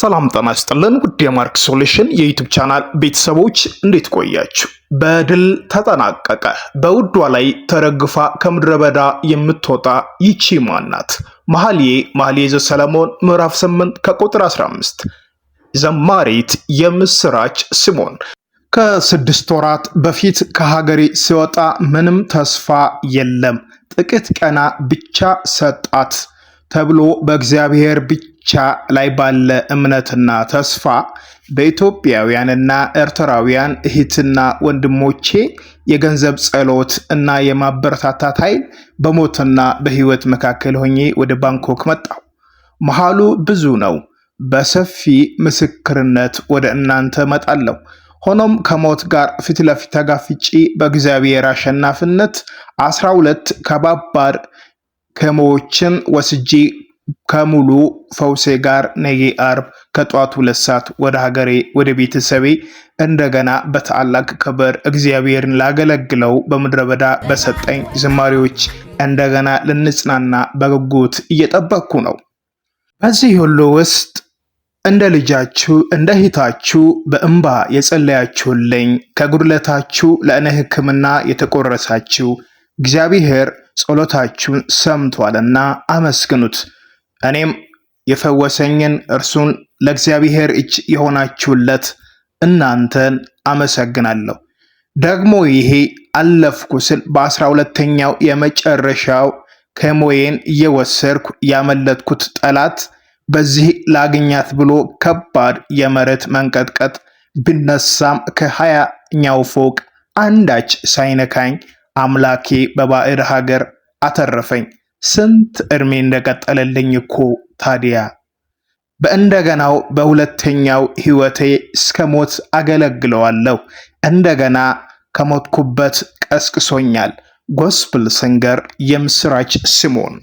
ሰላም ጠና ስጥልን ውድ የማርክ ሶሉሽን የዩቲዩብ ቻናል ቤተሰቦች እንዴት ቆያችሁ? በድል ተጠናቀቀ። በውዷ ላይ ተረግፋ ከምድረ በዳ የምትወጣ ይቺ ማናት። ናት? መኃልየ መኃልየ ዘሰሎሞን ምዕራፍ 8 ከቁጥር 15 ዘማሪት የምስራች ሲሞን ከስድስት ወራት በፊት ከሀገሬ ሲወጣ ምንም ተስፋ የለም ጥቂት ቀና ብቻ ሰጣት ተብሎ በእግዚአብሔር ብቻ ላይ ባለ እምነትና ተስፋ በኢትዮጵያውያንና ኤርትራውያን እህትና ወንድሞቼ የገንዘብ ጸሎት እና የማበረታታት ኃይል በሞትና በህይወት መካከል ሆኜ ወደ ባንኮክ መጣሁ። መሃሉ ብዙ ነው። በሰፊ ምስክርነት ወደ እናንተ መጣለሁ ሆኖም ከሞት ጋር ፊት ለፊት ተጋፍጪ በእግዚአብሔር አሸናፊነት 12 ከባባድ ከሞዎችን ወስጄ ከሙሉ ፈውሴ ጋር ነገ አርብ ከጠዋት ሁለት ሰዓት ወደ ሀገሬ ወደ ቤተሰቤ እንደገና በታላቅ ክብር እግዚአብሔርን ላገለግለው በምድረ በዳ በሰጠኝ ዝማሬዎች እንደገና ልንጽናና በጉጉት እየጠበቅኩ ነው። በዚህ ሁሉ ውስጥ እንደ ልጃችሁ እንደ ሂታችሁ በእንባ የጸለያችሁልኝ ከጉድለታችሁ ለእኔ ሕክምና የተቆረሳችሁ እግዚአብሔር ጸሎታችሁን ሰምቷልና አመስግኑት። እኔም የፈወሰኝን እርሱን ለእግዚአብሔር እጅ የሆናችሁለት እናንተን አመሰግናለሁ። ደግሞ ይሄ አለፍኩ ስል በአስራ ሁለተኛው የመጨረሻው ከሞዬን እየወሰድኩ ያመለጥኩት ጠላት በዚህ ላግኛት ብሎ ከባድ የመሬት መንቀጥቀጥ ቢነሳም ከሀያኛው ፎቅ አንዳች ሳይነካኝ አምላኬ በባዕድ ሀገር አተረፈኝ። ስንት እድሜ እንደቀጠለልኝ እኮ ታዲያ። በእንደገናው በሁለተኛው ሕይወቴ እስከ ሞት አገለግለዋለሁ። እንደገና ከሞትኩበት ቀስቅሶኛል። ጎስፕል ሲንገር የምስራች ሲሞን።